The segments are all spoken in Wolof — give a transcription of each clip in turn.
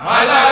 ala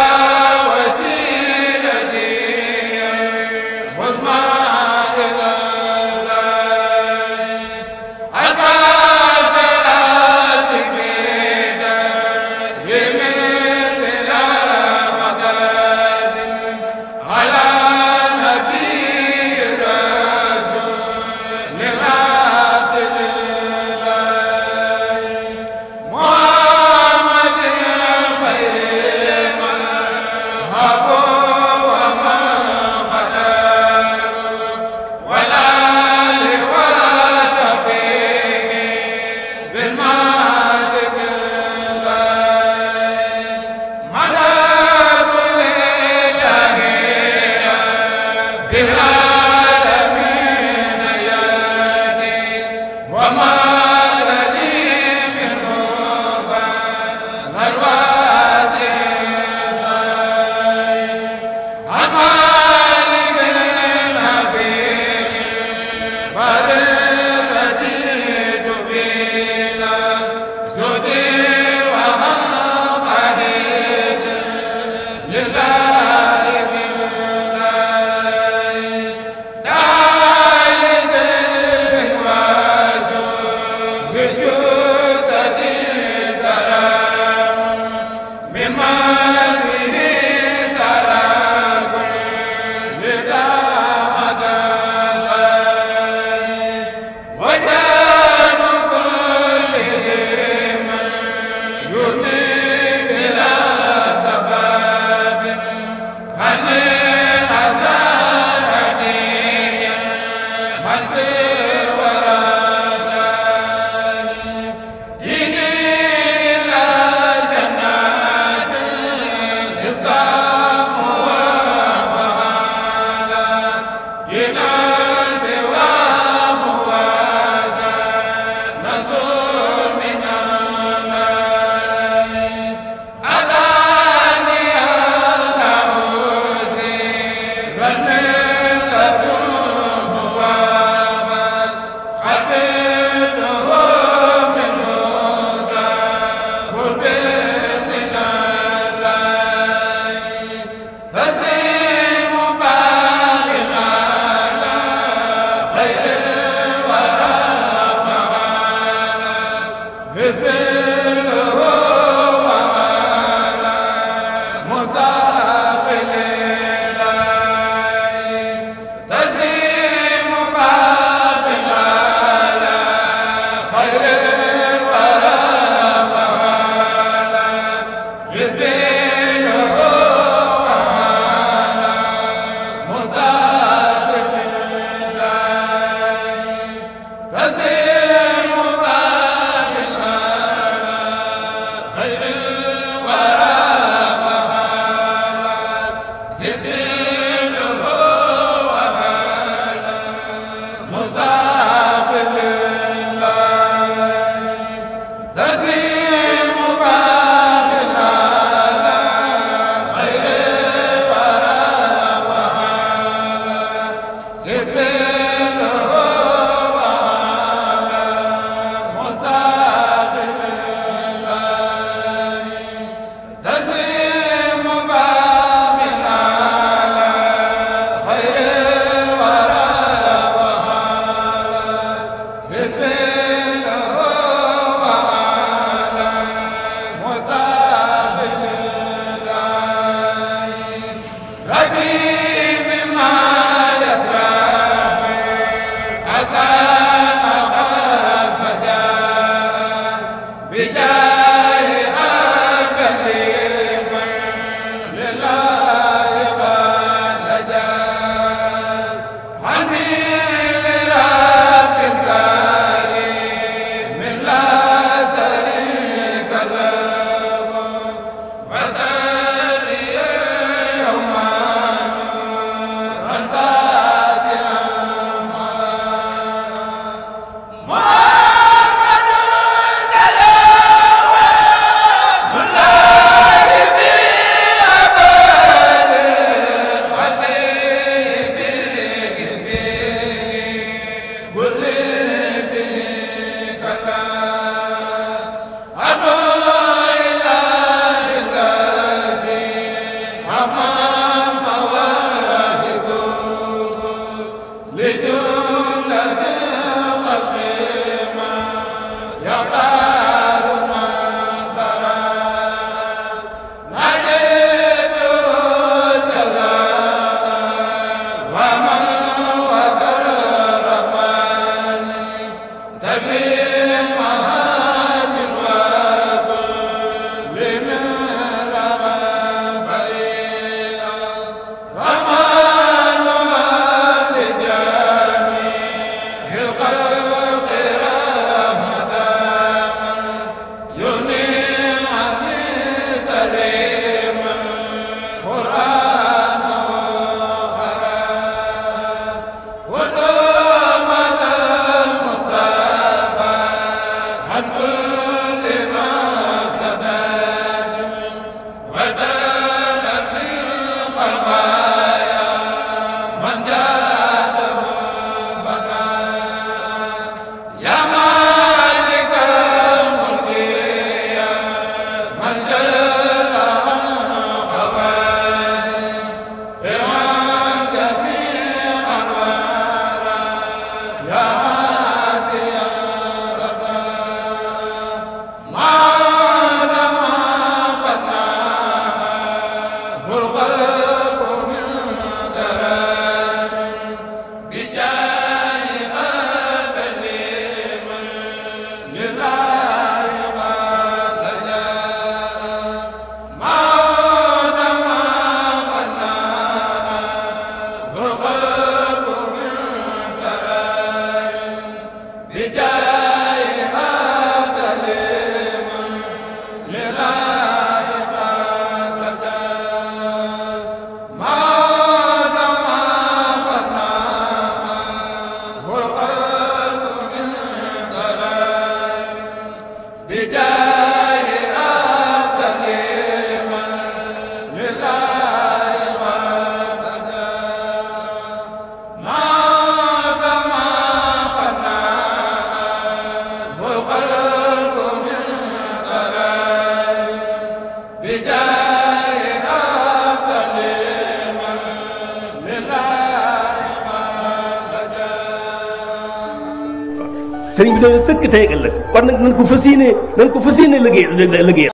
bi doon sëkk tey ëllëg kon nag nañ ko fas yéenee nañ ko fas yéenee liggéey liggéey